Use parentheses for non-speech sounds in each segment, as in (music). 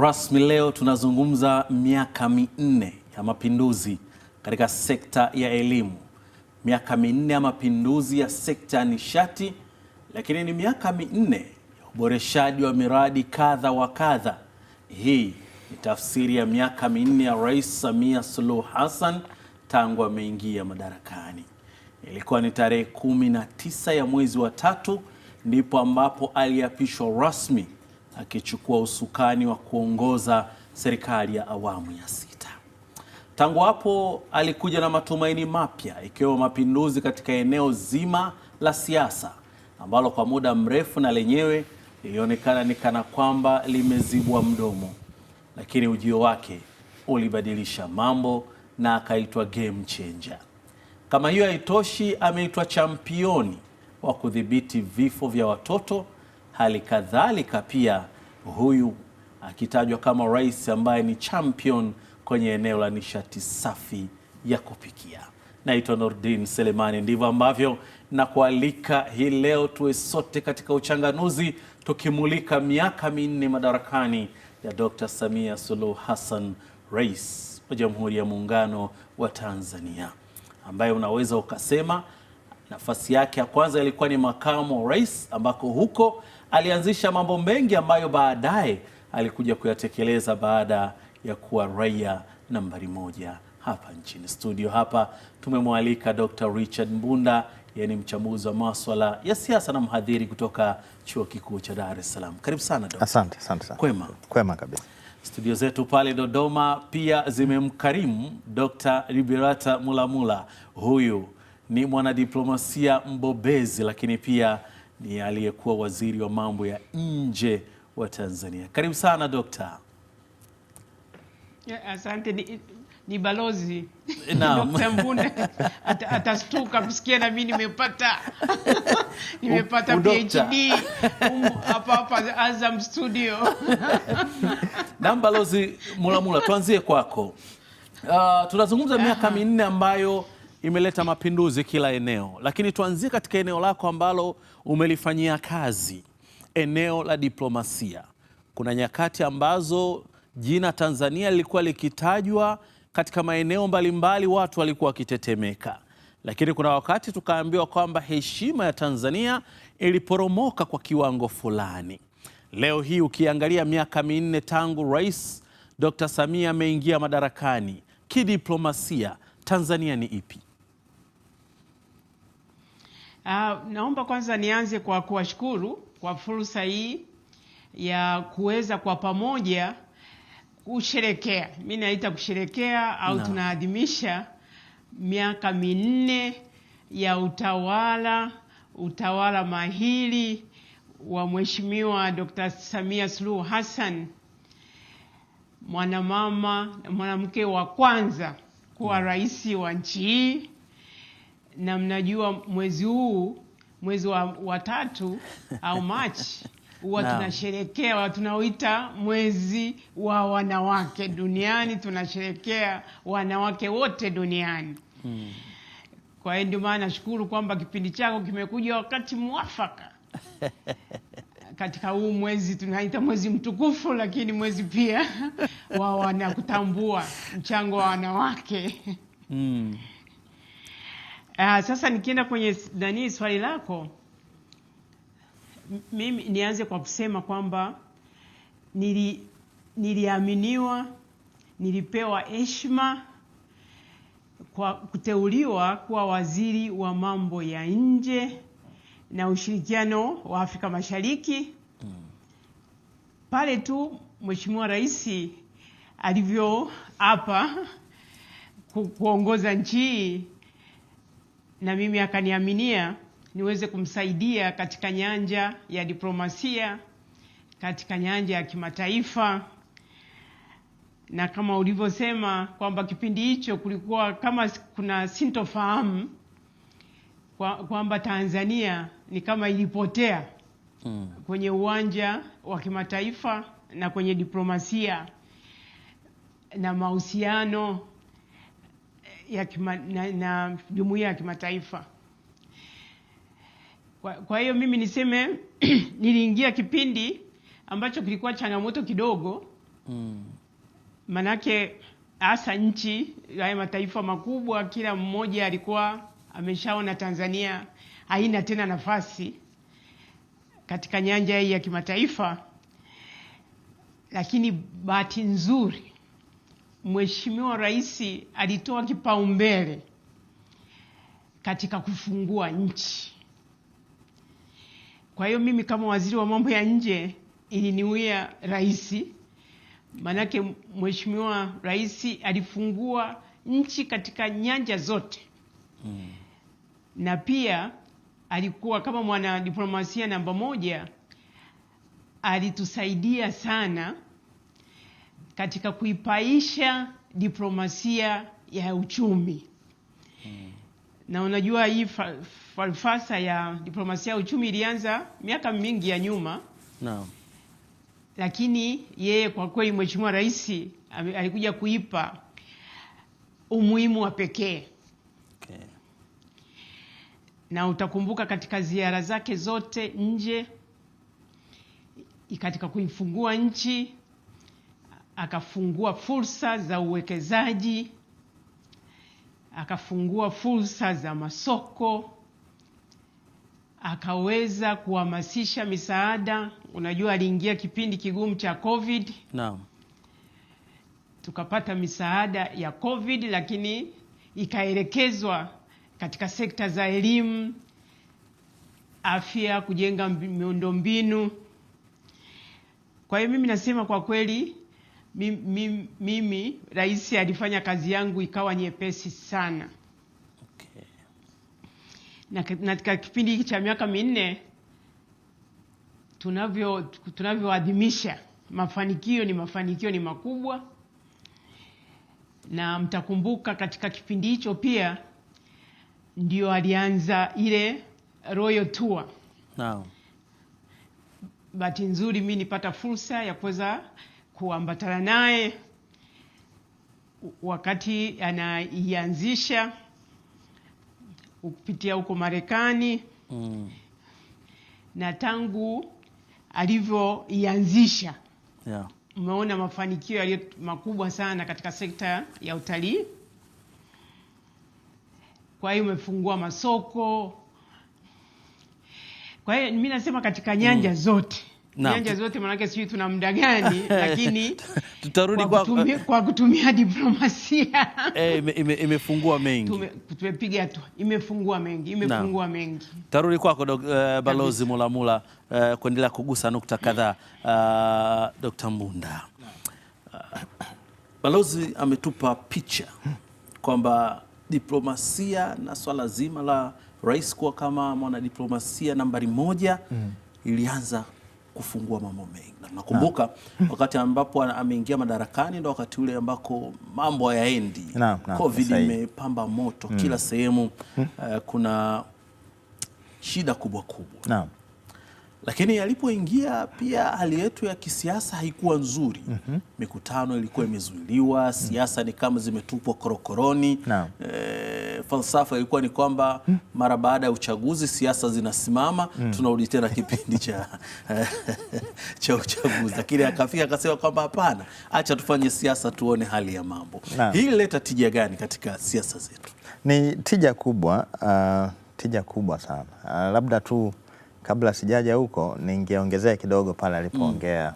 rasmi leo tunazungumza miaka minne ya mapinduzi katika sekta ya elimu, miaka minne ya mapinduzi ya sekta ya nishati, lakini ni miaka minne ya uboreshaji wa miradi kadha wa kadha. Hii ni tafsiri ya miaka minne ya Rais Samia Suluhu Hassan tangu ameingia madarakani. Ilikuwa ni tarehe kumi na tisa ya mwezi wa tatu ndipo ambapo aliapishwa rasmi akichukua usukani wa kuongoza serikali ya awamu ya sita. Tangu hapo alikuja na matumaini mapya, ikiwemo mapinduzi katika eneo zima la siasa ambalo kwa muda mrefu na lenyewe lilionekana ni kana kwamba limezibwa mdomo, lakini ujio wake ulibadilisha mambo na akaitwa game changer. Kama hiyo haitoshi, ameitwa championi wa kudhibiti vifo vya watoto Hali kadhalika pia huyu akitajwa kama rais ambaye ni champion kwenye eneo la nishati safi ya kupikia. Naitwa Nordin Selemani, ndivyo ambavyo nakualika hii leo tuwe sote katika uchanganuzi tukimulika miaka minne madarakani ya Dr. Samia Suluhu Hassan, rais wa Jamhuri ya Muungano wa Tanzania, ambaye unaweza ukasema nafasi yake ya kwanza ilikuwa ni makamu wa rais, ambako huko alianzisha mambo mengi ambayo baadaye alikuja kuyatekeleza baada ya kuwa raia nambari moja hapa nchini. Studio hapa tumemwalika Dr. Richard Mbunda, yeye ni mchambuzi wa maswala ya siasa na mhadhiri kutoka Chuo Kikuu cha Dar es Salaam. Karibu sana Asante, asante sana. Kwema. Kwema kabisa. Studio zetu pale Dodoma pia zimemkarimu Dr. Liberata Mulamula. Huyu ni mwanadiplomasia mbobezi lakini pia ni aliyekuwa waziri wa mambo ya nje wa Tanzania. Karibu sana Dokta. Asante. Ni, ni balozi (laughs) Dokta Mbunda atastuka na mimi nimepata (laughs) nimepata PhD hapa hapa Azam Studio. (laughs) Na Balozi Mulamula, tuanzie kwako. Uh, tunazungumza miaka minne ambayo imeleta mapinduzi kila eneo, lakini tuanzie katika eneo lako ambalo umelifanyia kazi, eneo la diplomasia. Kuna nyakati ambazo jina Tanzania lilikuwa likitajwa katika maeneo mbalimbali, watu walikuwa wakitetemeka, lakini kuna wakati tukaambiwa kwamba heshima ya Tanzania iliporomoka kwa kiwango fulani. Leo hii ukiangalia miaka minne tangu Rais Dr. Samia ameingia madarakani, kidiplomasia Tanzania ni ipi? Uh, naomba kwanza nianze kwa kuwashukuru kwa fursa hii ya kuweza kwa pamoja kusherekea, mi naita kusherekea au no. Tunaadhimisha miaka minne ya utawala utawala mahiri wa Mheshimiwa Dr. Samia Suluhu Hassan, mwanamama mwanamke wa kwanza kuwa rais wa nchi hii na mnajua mwezi huu mwezi wa, wa tatu au Machi huwa (laughs) tunasherekea tunaoita mwezi wa wanawake duniani, tunasherekea wanawake wote duniani hmm. Kwa hiyo ndio maana nashukuru kwamba kipindi chako kimekuja wakati mwafaka (laughs) katika huu mwezi tunaita mwezi mtukufu, lakini mwezi pia (laughs) wa wanakutambua mchango wa wanawake hmm Uh, sasa nikienda kwenye nani swali lako, mimi nianze kwa kusema kwamba nili, niliaminiwa, nilipewa heshima kwa kuteuliwa kuwa waziri wa mambo ya nje na ushirikiano wa Afrika Mashariki Pale tu Mheshimiwa Rais alivyo hapa kuongoza nchi na mimi akaniaminia niweze kumsaidia katika nyanja ya diplomasia, katika nyanja ya kimataifa. Na kama ulivyosema kwamba kipindi hicho kulikuwa kama kuna sintofahamu kwamba Tanzania ni kama ilipotea mm. kwenye uwanja wa kimataifa na kwenye diplomasia na mahusiano ya kima, na, na jumuiya ya kimataifa. Kwa, kwa hiyo mimi niseme (clears throat) niliingia kipindi ambacho kilikuwa changamoto kidogo mm. Manake hasa nchi haya mataifa makubwa, kila mmoja alikuwa ameshaona Tanzania haina tena nafasi katika nyanja hii ya kimataifa, lakini bahati nzuri Mheshimiwa Rais alitoa kipaumbele katika kufungua nchi. Kwa hiyo mimi kama waziri wa mambo ya nje iliniwia rahisi, maanake Mheshimiwa Rais alifungua nchi katika nyanja zote mm. Na pia alikuwa kama mwanadiplomasia namba moja, alitusaidia sana katika kuipaisha diplomasia ya uchumi hmm. Na unajua hii falsafa ya diplomasia ya uchumi ilianza miaka mingi ya nyuma no. Lakini yeye kwa kweli Mheshimiwa Rais alikuja kuipa umuhimu wa pekee okay. Na utakumbuka katika ziara zake zote nje, katika kuifungua nchi akafungua fursa za uwekezaji, akafungua fursa za masoko, akaweza kuhamasisha misaada. Unajua, aliingia kipindi kigumu cha COVID. no. Tukapata misaada ya COVID, lakini ikaelekezwa katika sekta za elimu, afya, kujenga miundombinu. Kwa hiyo mimi nasema kwa kweli mimi, mimi rais alifanya kazi yangu ikawa nyepesi sana Na katika kipindi hiki cha miaka minne tunavyo tunavyoadhimisha mafanikio ni mafanikio ni makubwa, na mtakumbuka katika kipindi hicho pia ndio alianza ile Royal Tour no. Bahati nzuri mi nipata fursa ya kuweza kuambatana naye wakati anaianzisha kupitia huko Marekani mm. na tangu alivyoianzisha yeah. Umeona mafanikio yaliyo makubwa sana katika sekta ya utalii. Kwa hiyo umefungua masoko, kwa hiyo mi nasema katika nyanja mm. zote nyanja zote, manake sijui tuna muda gani, (laughs) lakini tutarudi kwa, kutumia, kwa kutumia diplomasia eh, ime, ime, imefungua mengi, tumepiga hatua, imefungua mengi, imefungua mengi. Tarudi kwako uh, Balozi Mulamula uh, kuendelea kugusa nukta kadhaa uh, ah, Dr. Mbunda uh, balozi ametupa picha kwamba diplomasia na swala zima la rais kuwa kama mwanadiplomasia nambari moja mm. ilianza kufungua mambo mengi, na nakumbuka wakati ambapo ameingia madarakani ndo wakati ule ambako mambo hayaendi, covid imepamba moto mm. kila sehemu mm. uh, kuna shida kubwa kubwa na. Lakini alipoingia pia hali yetu ya kisiasa haikuwa nzuri. mm -hmm. Mikutano ilikuwa imezuiliwa, siasa ni kama zimetupwa korokoroni. no. E, eh, falsafa ilikuwa ni kwamba mara baada ya uchaguzi siasa zinasimama. mm. Tunarudi tena kipindi cha (laughs) cha uchaguzi, lakini akafika akasema kwamba hapana, acha tufanye siasa, tuone hali ya mambo. no. Hii ileta tija gani katika siasa zetu? Ni tija kubwa, uh, tija kubwa sana, uh, labda tu kabla sijaja huko, ningeongezea kidogo pale alipoongea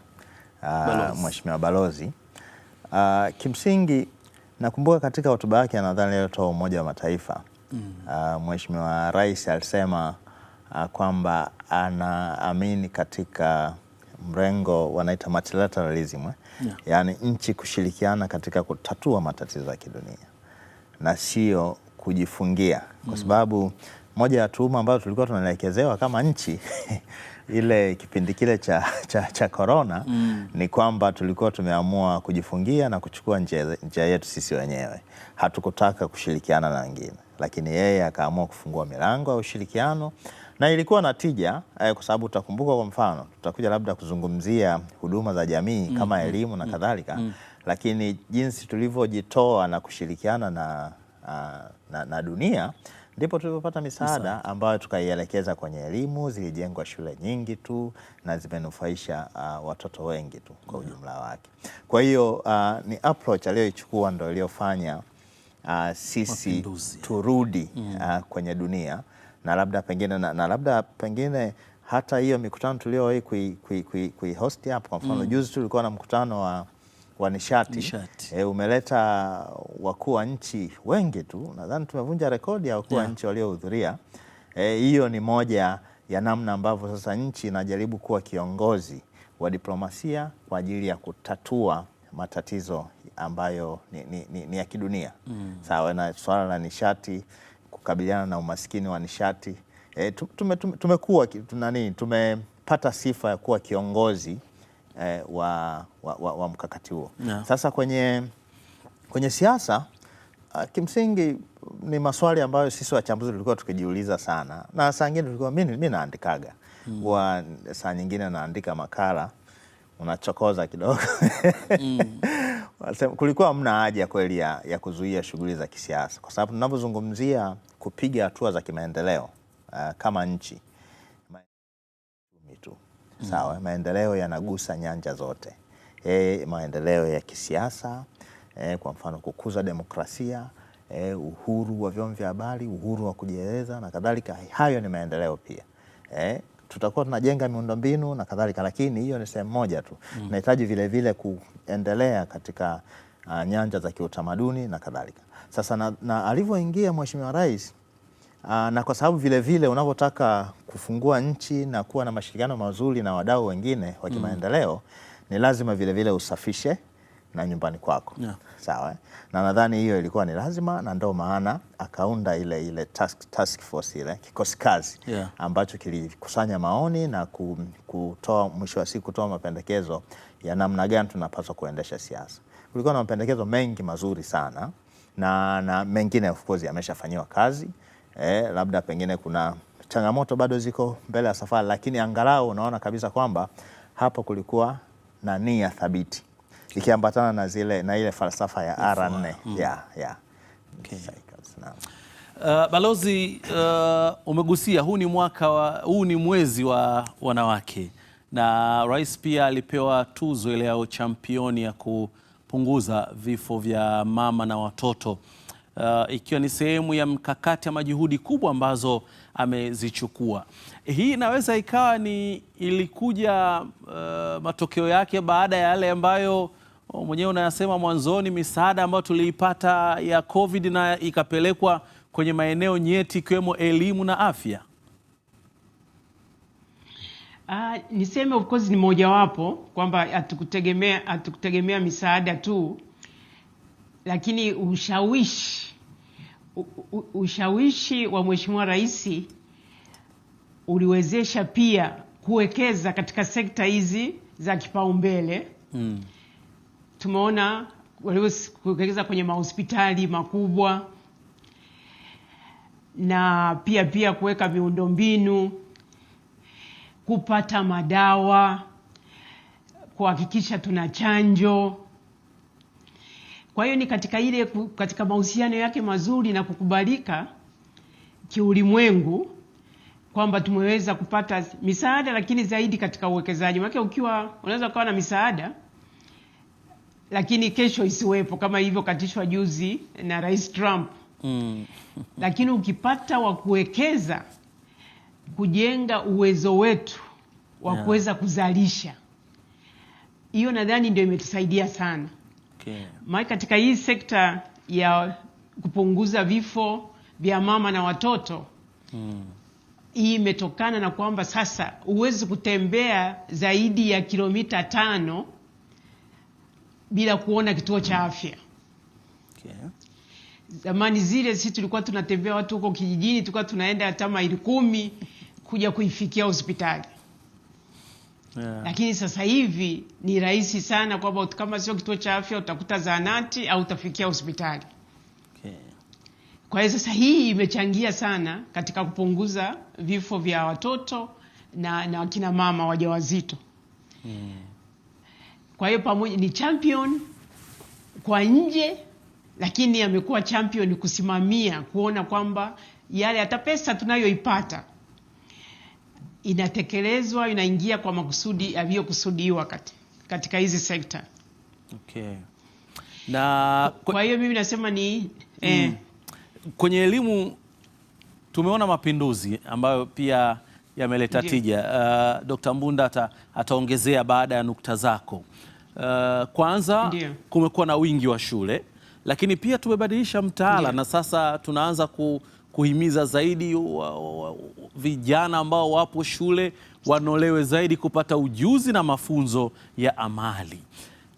mm. uh, Mheshimiwa Balozi uh, kimsingi nakumbuka katika hotuba yake nadhani aliyotoa Umoja wa Mataifa mm. uh, Mheshimiwa Rais alisema uh, kwamba anaamini katika mrengo wanaita multilateralism eh? yeah. Yani nchi kushirikiana katika kutatua matatizo ya kidunia na sio kujifungia, kwa mm. sababu moja ya tuhuma ambayo tulikuwa tunaelekezewa kama nchi (laughs) ile kipindi kile cha (laughs) cha cha korona mm. ni kwamba tulikuwa tumeamua kujifungia na kuchukua njia, yetu sisi wenyewe, hatukutaka kushirikiana na wengine, lakini yeye akaamua kufungua milango ya ushirikiano na ilikuwa na tija eh, kwa sababu utakumbuka, kwa mfano tutakuja labda kuzungumzia huduma za jamii mm. kama mm, elimu na mm, kadhalika mm. lakini jinsi tulivyojitoa na kushirikiana na, ah, na, na dunia ndipo tulipopata misaada ambayo tukaielekeza kwenye elimu. Zilijengwa shule nyingi tu na zimenufaisha uh, watoto wengi tu kwa ujumla wake. Kwa hiyo uh, ni approach aliyoichukua ndo iliyofanya uh, sisi turudi uh, mm. kwenye dunia na labda pengine na, na labda pengine hata hiyo mikutano tuliyowahi kuihosti kui, kui, kui hapo kwa mfano mm. Juzi tulikuwa na mkutano wa wa nishati, nishati. E, umeleta wakuu wa nchi wengi tu, nadhani tumevunja rekodi ya wakuu wa yeah. nchi waliohudhuria. Eh, hiyo e, ni moja ya namna ambavyo sasa nchi inajaribu kuwa kiongozi wa diplomasia kwa ajili ya kutatua matatizo ambayo ni, ni, ni, ni ya kidunia mm. Sawa na swala la nishati, kukabiliana na umaskini wa nishati e, eh, tumekuwa tume, tume, tume tumepata sifa ya kuwa kiongozi eh, wa, wa, wa, wa mkakati huo no. Sasa kwenye, kwenye siasa uh, kimsingi ni maswali ambayo sisi wachambuzi tulikuwa tukijiuliza sana, na saa nyingine tulikuwa mi naandikaga mm. wa saa nyingine naandika makala unachokoza kidogo mm. (laughs) kulikuwa mna haja kweli ya, ya kuzuia shughuli za kisiasa, kwa sababu tunavyozungumzia kupiga hatua za kimaendeleo uh, kama nchi mm. Sawa, maendeleo yanagusa nyanja zote e, maendeleo ya kisiasa e, kwa mfano kukuza demokrasia e, uhuru wa vyombo vya habari, uhuru wa kujieleza na kadhalika. Hayo ni maendeleo pia e, tutakuwa tunajenga miundombinu na kadhalika, lakini hiyo ni sehemu moja tu mm. Tunahitaji vilevile kuendelea katika uh, nyanja za kiutamaduni na kadhalika. Sasa na, na alivyoingia Mheshimiwa Rais Aa, ah, na kwa sababu vile vile unavyotaka kufungua nchi na kuwa na mashirikiano mazuri na wadau wengine wa mm. kimaendeleo mm. ni lazima vile vile usafishe na nyumbani kwako yeah. Sawa, eh? na nadhani hiyo ilikuwa ni lazima, na ndio maana akaunda ile ile task, task force ile kikosi kazi yeah. ambacho kilikusanya maoni na kutoa mwisho wa siku kutoa mapendekezo ya namna gani tunapaswa kuendesha siasa. Kulikuwa na mapendekezo mengi mazuri sana na, na mengine of course yameshafanyiwa kazi eh, labda pengine kuna changamoto bado ziko mbele ya safari, lakini angalau unaona kabisa kwamba hapo kulikuwa na nia thabiti ikiambatana na zile na ile falsafa ya R4. Mm. Yeah, yeah. Okay. Uh, balozi uh, umegusia huu ni mwaka wa, huu ni mwezi wa wanawake na rais pia alipewa tuzo ile ya championi ya kupunguza vifo vya mama na watoto uh, ikiwa ni sehemu ya mkakati ama juhudi kubwa ambazo amezichukua. Hii inaweza ikawa ni ilikuja uh, matokeo yake baada ya yale ambayo uh, mwenyewe unayasema mwanzoni, misaada ambayo tuliipata ya COVID na ikapelekwa kwenye maeneo nyeti ikiwemo elimu na afya. Uh, niseme of course ni mojawapo kwamba hatukutegemea hatukutegemea misaada tu lakini ushawishi u, u, ushawishi wa Mheshimiwa Rais uliwezesha pia kuwekeza katika sekta hizi za kipaumbele mm. Tumeona waliwekeza kwenye mahospitali makubwa na pia pia kuweka miundombinu, kupata madawa, kuhakikisha tuna chanjo kwa hiyo ni katika ile katika mahusiano yake mazuri na kukubalika kiulimwengu kwamba tumeweza kupata misaada, lakini zaidi katika uwekezaji. Maana ukiwa unaweza ukawa na misaada lakini kesho isiwepo, kama ilivyokatishwa juzi na Rais Trump mm. (laughs) lakini ukipata wa kuwekeza kujenga uwezo wetu wa kuweza yeah. kuzalisha, hiyo nadhani ndio imetusaidia sana. Okay. katika hii sekta ya kupunguza vifo vya mama na watoto mm. Hii imetokana na kwamba sasa huwezi kutembea zaidi ya kilomita tano bila kuona kituo cha afya. Okay. Zamani zile sisi tulikuwa tunatembea watu huko kijijini, tulikuwa tunaenda hata maili kumi kuja kuifikia hospitali yeah. Lakini sasa hivi ni rahisi sana kwamba kama sio kituo cha afya utakuta zaanati au utafikia hospitali okay. Kwa hiyo sasa hii imechangia sana katika kupunguza vifo vya watoto na, na wakina mama wajawazito yeah. Kwa hiyo pamoja ni champion kwa nje, lakini amekuwa champion kusimamia kuona kwamba yale hata pesa tunayoipata inatekelezwa, inaingia kwa makusudi yaliyokusudiwa katika hizi sekta. Okay. Na kwa hiyo mimi nasema ni eh, mm, eh, kwenye elimu tumeona mapinduzi ambayo pia yameleta tija. Uh, Dr. Mbunda ata, ataongezea baada ya nukta zako. Uh, kwanza Kumekuwa na wingi wa shule lakini pia tumebadilisha mtaala na sasa tunaanza ku kuhimiza zaidi wa, wa, wa, vijana ambao wapo shule wanolewe zaidi kupata ujuzi na mafunzo ya amali.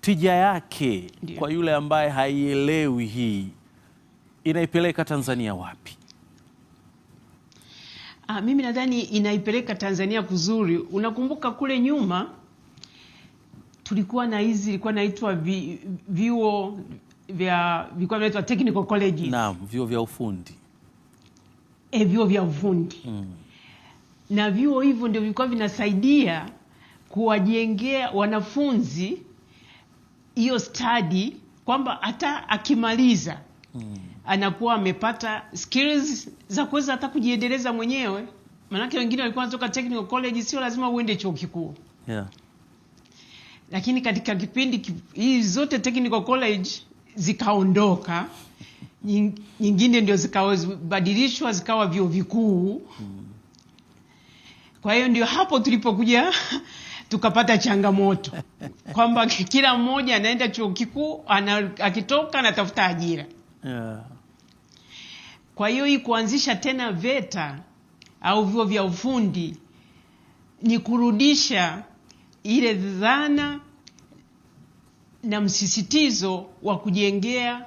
Tija yake Ndiyo. kwa yule ambaye haielewi hii inaipeleka Tanzania wapi? Ah, mimi nadhani inaipeleka Tanzania kuzuri. Unakumbuka kule nyuma tulikuwa na hizi ilikuwa naitwa vi, vyuo vya vilikuwa vinaitwa technical colleges. Naam, vyuo vya ufundi e vyuo vya ufundi mm. na vyuo hivyo ndio vilikuwa vinasaidia kuwajengea wanafunzi hiyo stadi kwamba hata akimaliza mm. anakuwa amepata skills za kuweza hata kujiendeleza mwenyewe, maanake wengine walikuwa wanatoka technical college, sio lazima uende chuo kikuu yeah. Lakini katika kipindi hii zote technical college zikaondoka nyingine ndio zikabadilishwa zikawa vyo vikuu Kwa hiyo ndio hapo tulipokuja (laughs) tukapata changamoto (laughs) kwamba kila mmoja anaenda chuo kikuu akitoka anatafuta ajira Kwa hiyo hii kuanzisha tena VETA au vyuo vya ufundi ni kurudisha ile dhana na msisitizo wa kujengea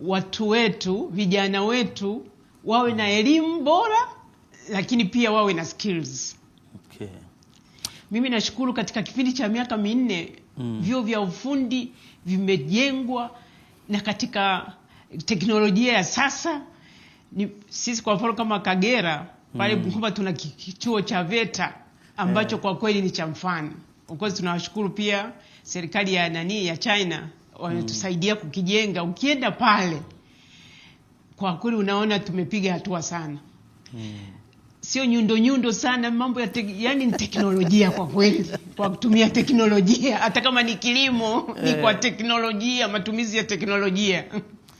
watu wetu, vijana wetu wawe na elimu bora, lakini pia wawe na skills. Okay. Mimi nashukuru katika kipindi cha miaka minne mm. vyuo vya ufundi vimejengwa na katika teknolojia ya sasa ni, sisi kwa mfano kama Kagera pale Bukoba mm. tuna kichuo cha VETA ambacho yeah. kwa kweli ni cha mfano. Of course tunawashukuru pia serikali ya nani ya China wametusaidia mm. kukijenga. Ukienda pale kwa kweli unaona tumepiga hatua sana mm. Sio nyundo nyundo sana mambo ya te, yani ni teknolojia kwa kweli, kwa kutumia teknolojia. Hata kama ni kilimo ni kwa eh. teknolojia, matumizi ya teknolojia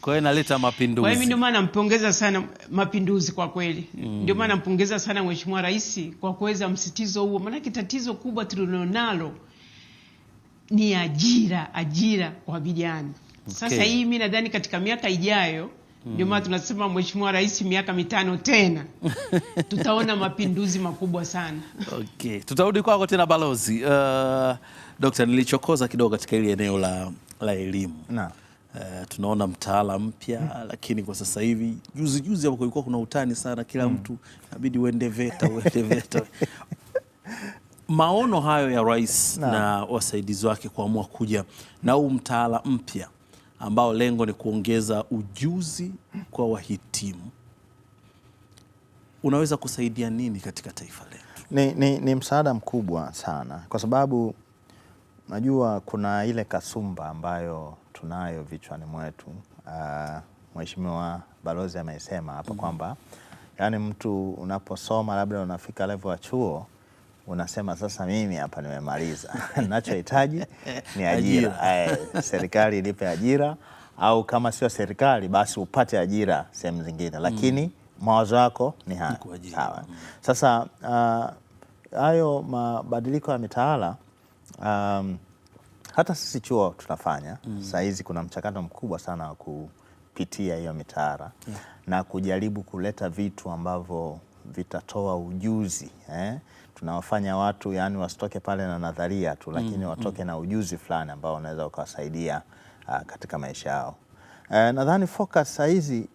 kwa hiyo inaleta mapinduzi. Kwa hiyo ndio maana nampongeza sana mapinduzi kwa kweli mm. Ndio maana nampongeza sana Mheshimiwa Rais kwa kuweza msitizo huo, maanake tatizo kubwa tulilonalo ni ajira, ajira kwa vijana okay. Sasa hii mi nadhani katika miaka ijayo ndio hmm. maana mm. tunasema Mheshimiwa Rais, miaka mitano tena (laughs) tutaona mapinduzi makubwa sana okay. Tutarudi kwako tena balozi. Uh, Dokta, nilichokoza kidogo katika hili eneo la, la elimu na. Uh, tunaona mtaala mpya mm. Lakini kwa sasa hivi juzi juzi hapo kulikuwa kuna utani sana, kila mm. mtu inabidi uende VETA uende VETA (laughs) Maono hayo ya rais na, na wasaidizi wake kuamua kuja na huu mtaala mpya ambao lengo ni kuongeza ujuzi kwa wahitimu unaweza kusaidia nini katika taifa letu? Ni, ni, ni msaada mkubwa sana kwa sababu najua kuna ile kasumba ambayo tunayo vichwani mwetu. Uh, Mheshimiwa Balozi amesema hapa mm -hmm. kwamba yani mtu unaposoma labda unafika level ya chuo unasema sasa, mimi hapa nimemaliza, (laughs) ninachohitaji ni ajira, ajira. (laughs) Eh, serikali ilipe ajira au kama sio serikali basi upate ajira sehemu zingine, lakini mm. mawazo yako ni haya sawa. mm. Sasa ah, hayo uh, mabadiliko ya mitaala um, hata sisi chuo tunafanya mm. Saa hizi kuna mchakato mkubwa sana wa kupitia hiyo mitaala yeah. na kujaribu kuleta vitu ambavyo vitatoa ujuzi eh? Tunawafanya watu yani wasitoke pale na nadharia tu, mm, lakini mm, watoke mm. na ujuzi fulani ambao unaweza ukawasaidia uh, katika maisha yao. Eh, nadhani focus sahizi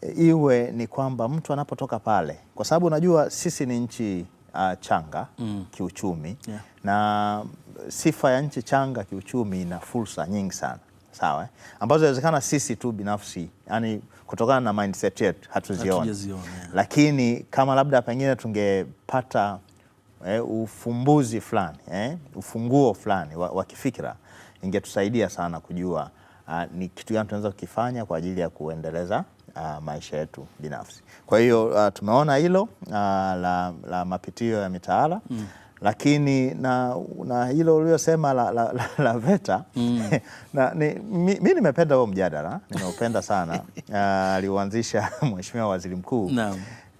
eh, iwe ni kwamba mtu anapotoka pale, kwa sababu unajua sisi ni nchi uh, changa mm. kiuchumi yeah. na sifa ya nchi changa kiuchumi ina fursa nyingi sana sawa eh? ambazo inawezekana sisi tu binafsi yani kutokana na mindset yetu hatuziona, lakini kama labda pengine tungepata eh, ufumbuzi fulani eh, ufunguo fulani wa, wa kifikira ingetusaidia sana kujua uh, ni kitu gani tunaweza kukifanya kwa ajili ya kuendeleza uh, maisha yetu binafsi. Kwa hiyo uh, tumeona hilo uh, la, la mapitio ya mitaala mm lakini na, na hilo uliosema la, la, la, la VETA mm. (laughs) na, ni, mi, mi nimependa huo mjadala nimeupenda sana (laughs) ah, aliuanzisha (laughs) Mheshimiwa Waziri Mkuu no.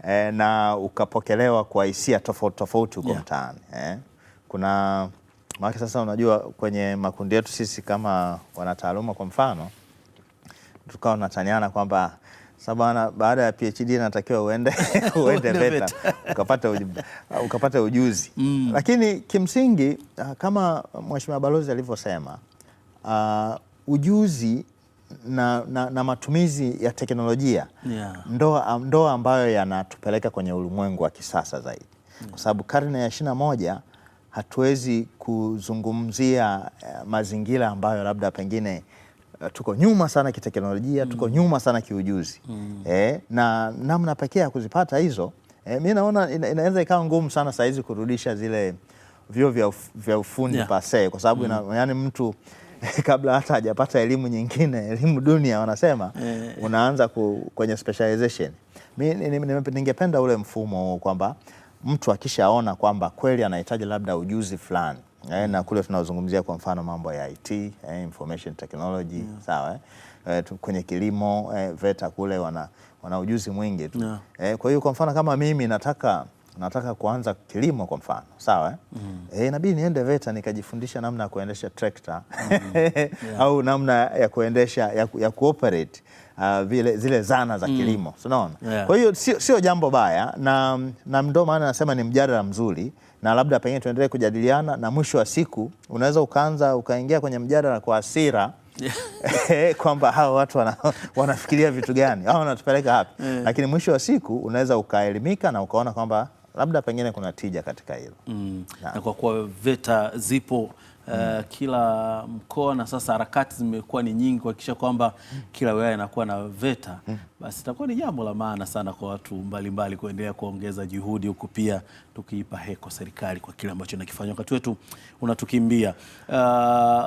E, eh, na ukapokelewa kwa hisia tofauti tofauti huko yeah. mtaani e. kuna maake sasa, unajua kwenye makundi yetu sisi kama wanataaluma, kwa mfano tukawa nataniana kwamba sabana, baada ya PhD natakiwa (laughs) (laughs) uende uende VETA ukapata ujuzi, ukapata ujuzi. Mm. Lakini kimsingi ah, kama Mheshimiwa Balozi alivyosema uh, ujuzi na, na, na matumizi ya teknolojia yeah. Ndo, ndo ambayo yanatupeleka kwenye ulimwengu wa kisasa zaidi mm. Kwa sababu karne ya ishirini na moja hatuwezi kuzungumzia eh, mazingira ambayo labda pengine Eh, tuko nyuma sana kiteknolojia mm. tuko nyuma sana kiujuzi mm. eh, na namna pekee ya kuzipata hizo eh, mi naona inaweza ikawa ngumu sana sahizi kurudisha zile vyuo vya, vya ufundi yeah. pase kwa sababu mm. yani mtu (laughs) kabla hata hajapata elimu nyingine, elimu dunia wanasema yeah. unaanza ku, kwenye specialization. Mi ningependa ule mfumo kwamba mtu akishaona kwamba kweli anahitaji labda ujuzi fulani eh, na kule tunazungumzia kwa mfano mambo ya IT eh, information technology yeah. Sawa eh, eh kwenye kilimo eh, VETA kule wana, wana ujuzi mwingi tu yeah. Eh, kwa hiyo kwa mfano kama mimi nataka nataka kuanza kilimo kwa mfano sawa, eh. mm. Eh, inabidi niende VETA nikajifundisha namna ya kuendesha trekta mm -hmm. (laughs) yeah. au namna ya kuendesha ya, ya kuoperate uh, vile, zile zana za mm. kilimo mm. Unaona yeah. Kwa hiyo sio jambo baya na, na ndio maana nasema ni mjadala mzuri na labda pengine tuendelee kujadiliana, na mwisho wa siku unaweza ukaanza ukaingia kwenye mjadala kwa hasira (laughs) eh, kwamba hawa watu wana, wanafikiria vitu gani au wanatupeleka wapi? Yeah. Lakini mwisho wa siku unaweza ukaelimika na ukaona kwamba labda pengine kuna tija katika hilo. Mm. Na. Na kwa kuwa VETA zipo Eh, kila mkoa na sasa harakati zimekuwa ni nyingi kuhakikisha kwamba kila wilaya inakuwa na VETA, basi itakuwa ni jambo la maana sana kwa watu mbalimbali kuendelea kuongeza juhudi huku pia tukiipa heko serikali kwa kile ambacho inakifanya. Wakati wetu unatukimbia. Uh,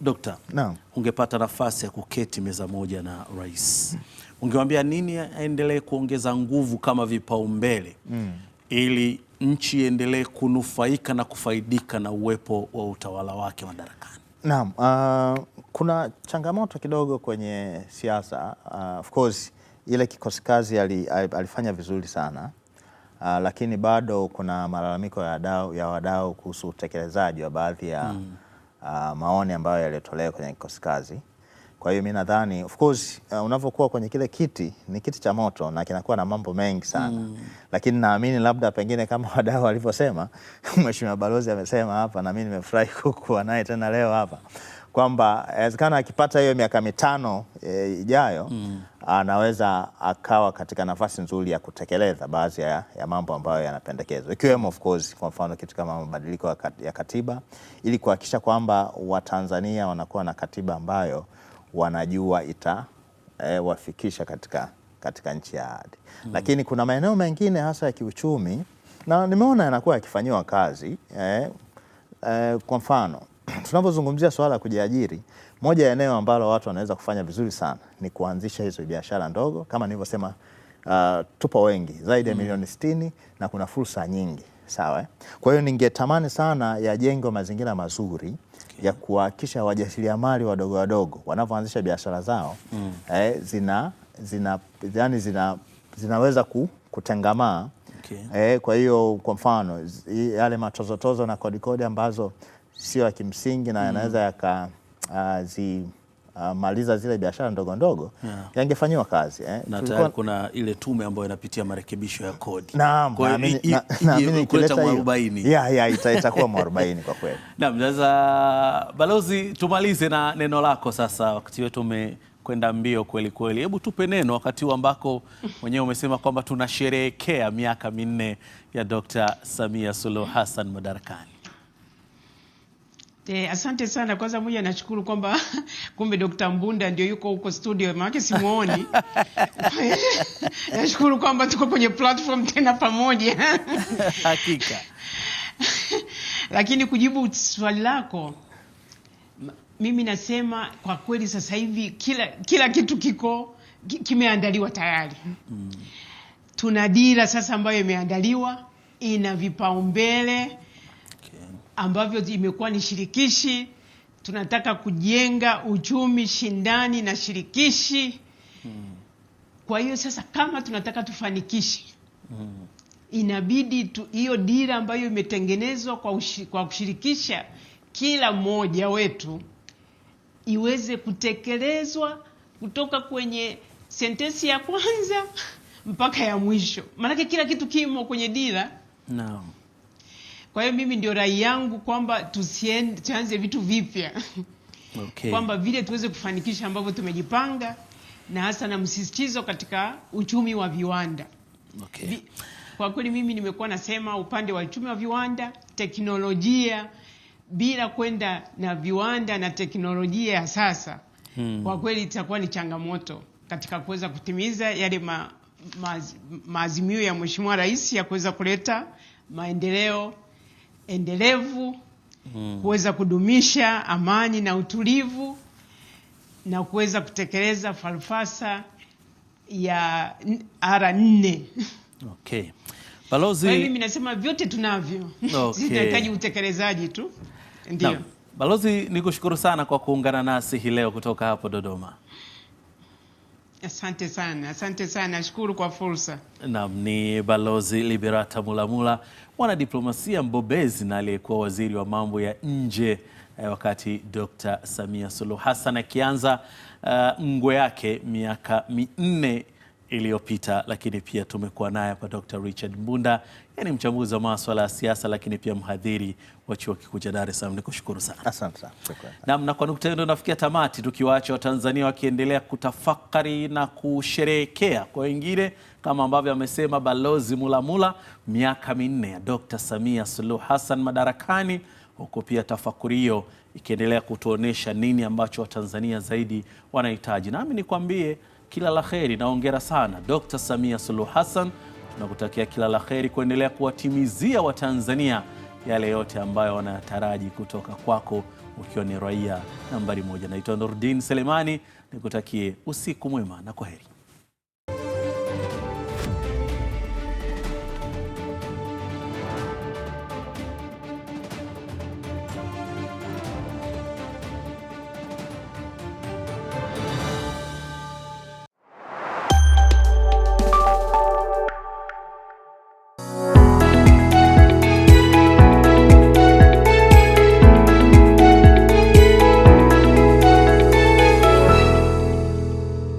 Dokta, no. Ungepata nafasi ya kuketi meza moja na rais, ungewambia nini aendelee kuongeza nguvu kama vipaumbele mm. ili nchi iendelee kunufaika na kufaidika na uwepo wa utawala wake madarakani? Naam, uh, kuna changamoto kidogo kwenye siasa uh, of course ile kikosi kazi alifanya vizuri sana uh, lakini bado kuna malalamiko ya, ya wadau kuhusu utekelezaji wa baadhi ya mm. uh, maoni ambayo yaliyotolewa kwenye kikosi kazi kwa hiyo mi nadhani of course uh, eh, unavyokuwa kwenye kile kiti ni kiti cha moto na kinakuwa na mambo mengi sana mm. Lakini naamini labda pengine kama (laughs) wadau walivyosema, mheshimiwa balozi amesema hapa, na mimi nimefurahi (laughs) kukuwa naye tena leo hapa kwamba inawezekana akipata hiyo miaka mitano e, ijayo mm. anaweza akawa katika nafasi nzuri ya kutekeleza baadhi ya, ya mambo ambayo yanapendekezwa ikiwemo of course kwa mfano kitu kama mabadiliko ya katiba ili kuhakikisha kwamba Watanzania wanakuwa na katiba ambayo wanajua itawafikisha eh, e, katika, katika nchi ya ahadi mm -hmm. Lakini kuna maeneo mengine hasa ya kiuchumi na nimeona yanakuwa yakifanyiwa kazi e, e, kwa mfano (clears throat) tunapozungumzia swala kujiajiri, moja ya eneo ambalo watu wanaweza kufanya vizuri sana ni kuanzisha hizo biashara ndogo kama nilivyosema. Uh, tupo wengi zaidi ya mm. milioni sitini na kuna fursa nyingi sawa. Kwa hiyo ningetamani sana yajengwe mazingira mazuri okay. ya kuhakikisha wajasiriamali wadogo wadogo wanavyoanzisha biashara zao mm. eh, zina, zina, yani zina, zinaweza ku, kutengamaa okay. eh, kwa hiyo kwa mfano yale matozotozo na kodikodi ambazo sio ya kimsingi na mm. yanaweza mm. yaka uh, maliza zile biashara ndogo ndogo yeah. yangefanyiwa kazi eh. na tayari kuna ile tume ambayo inapitia marekebisho ya kodi naam, naamini kuleta ita, itakuwa mwarobaini kwa kweli (laughs) naam. Sasa balozi, tumalize na neno lako sasa, wakati wetu umekwenda mbio kweli kweli, hebu tupe neno wakati huu ambako mwenyewe umesema kwamba tunasherehekea miaka minne ya Dr. Samia Suluhu Hassan madarakani. E, asante sana kwanza, moja nashukuru kwamba (laughs) kumbe Dr. Mbunda ndio yuko huko studio, maanake simuoni. (laughs) Nashukuru kwamba tuko kwenye platform tena pamoja (laughs) hakika. Lakini kujibu swali lako, mimi nasema kwa kweli sasa hivi kila, kila kitu kiko kimeandaliwa tayari mm. Tuna dira sasa ambayo imeandaliwa ina vipaumbele ambavyo imekuwa ni shirikishi. Tunataka kujenga uchumi shindani na shirikishi hmm. Kwa hiyo sasa kama tunataka tufanikishe hmm. Inabidi hiyo dira ambayo imetengenezwa kwa, kwa kushirikisha kila mmoja wetu iweze kutekelezwa kutoka kwenye sentensi ya kwanza (laughs) mpaka ya mwisho, maanake kila kitu kimo kwenye dira no. Kwa hiyo mimi ndio rai yangu kwamba tusianze vitu vipya okay. kwamba vile tuweze kufanikisha ambavyo tumejipanga na hasa na msisitizo katika uchumi wa viwanda okay. Kwa kweli mimi nimekuwa nasema upande wa uchumi wa viwanda, teknolojia, bila kwenda na viwanda na teknolojia ya sasa hmm. Kwa kweli itakuwa ni changamoto katika kuweza kutimiza yale ma, ma, maazimio ya Mheshimiwa Rais ya kuweza kuleta maendeleo endelevu mm. kuweza kudumisha amani na utulivu na kuweza kutekeleza falfasa ya ara nne. Okay. Balozi... mimi nasema vyote tunavyo okay. (laughs) utekelezaji tu ndio. Balozi, nikushukuru sana kwa kuungana nasi hii leo kutoka hapo Dodoma. Asante sana, asante sana, nashukuru kwa fursa. Naam, ni Balozi Liberata Mulamula, mwanadiplomasia mbobezi na aliyekuwa waziri wa mambo ya nje eh, wakati Dr. Samia Suluhu Hassan akianza uh, ngwe yake miaka minne iliyopita, lakini pia tumekuwa naye hapa Dr. Richard Mbunda, yeye ni mchambuzi wa masuala ya siasa, lakini pia mhadhiri wa chuo kikuu cha Dar es Salaam. Nikushukuru sana. Asante sana. Naam, na kwa nukta hiyo nafikia tamati, tukiwaacha Watanzania wakiendelea kutafakari na kusherehekea kwa wengine, kama ambavyo amesema Balozi Mulamula, miaka minne ya Dr. Samia Suluhu Hassan madarakani huku pia tafakuri hiyo ikiendelea kutuonyesha nini ambacho Watanzania zaidi wanahitaji. Nami nikwambie kila la heri na ongera sana Dr. Samia Suluhu Hassan. Tunakutakia kila la heri kuendelea kuwatimizia Watanzania yale yote ambayo wanataraji kutoka kwako ukiwa ni raia nambari moja. Naitwa Nurdin Selemani, nikutakie usiku mwema na kwa heri